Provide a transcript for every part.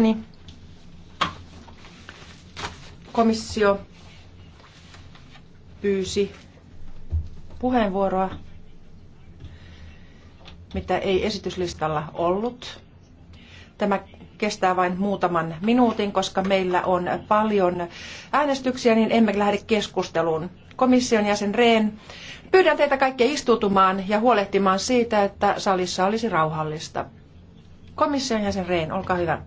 mielestäni komissio pyysi puheenvuoroa, mitä ei esityslistalla ollut. Tämä kestää vain muutaman minuutin, koska meillä on paljon äänestyksiä, niin emme lähde keskusteluun. Komission jäsen Rehn, pyydän teitä kaikkia istuutumaan ja huolehtimaan siitä, että salissa olisi rauhallista. Komission jäsen Rehn, olkaa hyvä.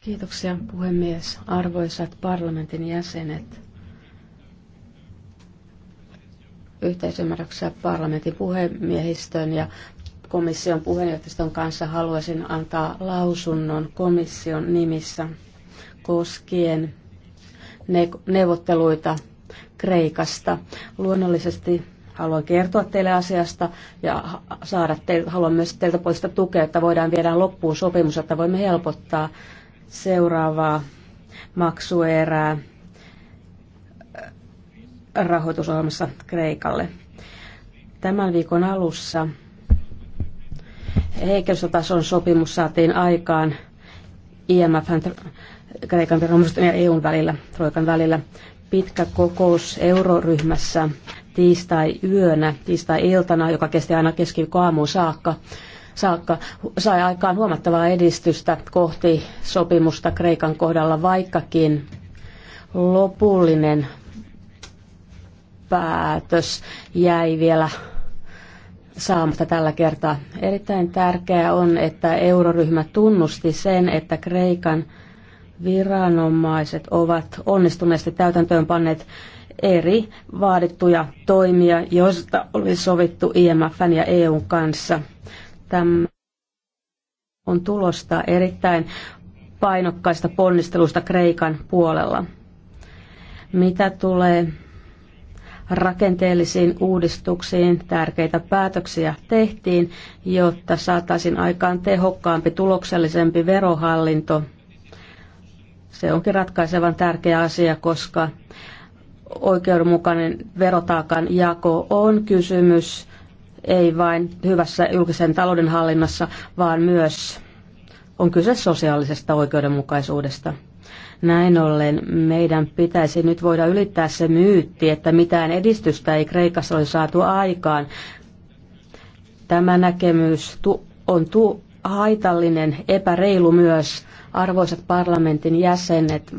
Kiitoksia puhemies. Arvoisat parlamentin jäsenet. Yhteisymmärryksessä parlamentin puhemiehistön ja komission puheenjohtajiston kanssa haluaisin antaa lausunnon komission nimissä koskien neuvotteluita Kreikasta. Luonnollisesti Haluan kertoa teille asiasta ja saada teiltä, haluan myös teiltä poista tukea, että voidaan viedä loppuun sopimus, että voimme helpottaa seuraavaa maksuerää äh, rahoitusohjelmassa Kreikalle. Tämän viikon alussa heikennystason sopimus saatiin aikaan IMF, Kreikan viranomaisten ja EUn välillä, Troikan välillä pitkä kokous euroryhmässä tiistai-yönä, tiistai-iltana, joka kesti aina keskiaamuun saakka, saakka, sai aikaan huomattavaa edistystä kohti sopimusta Kreikan kohdalla, vaikkakin lopullinen päätös jäi vielä saamatta tällä kertaa. Erittäin tärkeää on, että euroryhmä tunnusti sen, että Kreikan viranomaiset ovat onnistuneesti panneet eri vaadittuja toimia, joista oli sovittu IMFn ja EUn kanssa. Tämä on tulosta erittäin painokkaista ponnistelusta Kreikan puolella. Mitä tulee rakenteellisiin uudistuksiin tärkeitä päätöksiä tehtiin, jotta saataisiin aikaan tehokkaampi, tuloksellisempi verohallinto – se onkin ratkaisevan tärkeä asia, koska oikeudenmukainen verotaakan jako on kysymys ei vain hyvässä julkisen talouden hallinnassa, vaan myös on kyse sosiaalisesta oikeudenmukaisuudesta. Näin ollen meidän pitäisi nyt voida ylittää se myytti, että mitään edistystä ei Kreikassa ole saatu aikaan. Tämä näkemys on tu- haitallinen, epäreilu myös. Arvoisat parlamentin jäsenet,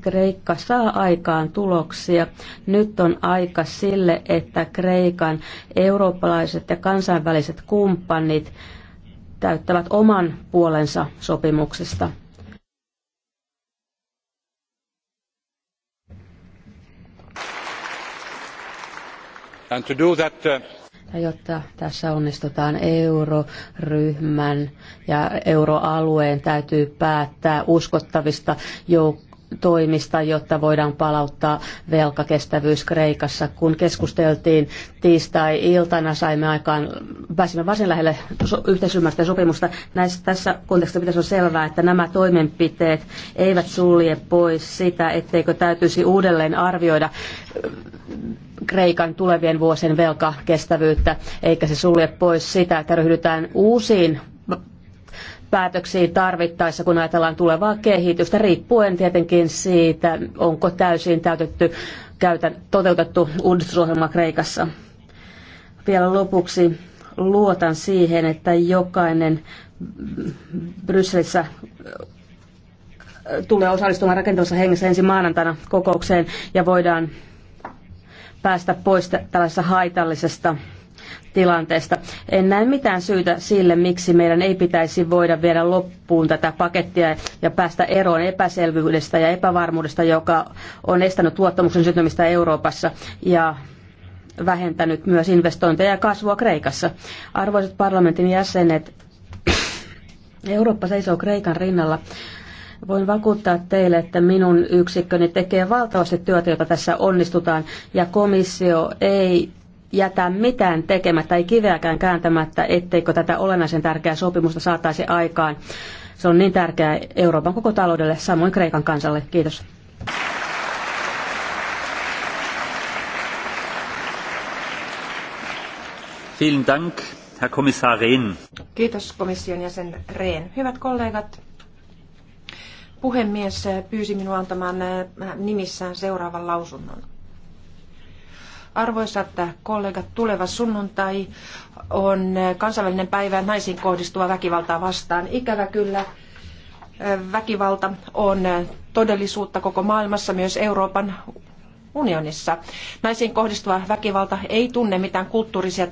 Kreikka saa aikaan tuloksia. Nyt on aika sille, että Kreikan eurooppalaiset ja kansainväliset kumppanit täyttävät oman puolensa sopimuksesta. And to do that, uh jotta tässä onnistutaan euroryhmän ja euroalueen täytyy päättää uskottavista joukkoista toimista, jotta voidaan palauttaa velkakestävyys Kreikassa. Kun keskusteltiin tiistai-iltana, saimme aikaan, pääsimme varsin lähelle so- yhteisymmärrystä ja sopimusta. Näissä, tässä kontekstissa pitäisi olla selvää, että nämä toimenpiteet eivät sulje pois sitä, etteikö täytyisi uudelleen arvioida Kreikan tulevien vuosien velkakestävyyttä, eikä se sulje pois sitä, että ryhdytään uusiin päätöksiin tarvittaessa, kun ajatellaan tulevaa kehitystä, riippuen tietenkin siitä, onko täysin täytetty, käytän, toteutettu uudistusohjelma Kreikassa. Vielä lopuksi luotan siihen, että jokainen Brysselissä äh, tulee osallistumaan rakentavassa hengessä ensi maanantaina kokoukseen ja voidaan päästä pois tällaisesta haitallisesta tilanteesta. En näe mitään syytä sille, miksi meidän ei pitäisi voida viedä loppuun tätä pakettia ja päästä eroon epäselvyydestä ja epävarmuudesta, joka on estänyt luottamuksen syntymistä Euroopassa ja vähentänyt myös investointeja ja kasvua Kreikassa. Arvoisat parlamentin jäsenet, Eurooppa seisoo Kreikan rinnalla Voin vakuuttaa teille, että minun yksikköni tekee valtavasti työtä, jota tässä onnistutaan, ja komissio ei jätä mitään tekemättä, ei kiveäkään kääntämättä, etteikö tätä olennaisen tärkeää sopimusta saataisi aikaan. Se on niin tärkeää Euroopan koko taloudelle, samoin Kreikan kansalle. Kiitos. Vielen Dank, Herr Kommissar Rehn. Kiitos komission jäsen Rehn. Hyvät kollegat, Puhemies pyysi minua antamaan äh, nimissään seuraavan lausunnon. Arvoisat kollegat, tuleva sunnuntai on äh, kansainvälinen päivä naisiin kohdistuva väkivaltaa vastaan. Ikävä kyllä äh, väkivalta on todellisuutta koko maailmassa, myös Euroopan unionissa. Naisiin kohdistuva väkivalta ei tunne mitään kulttuurisia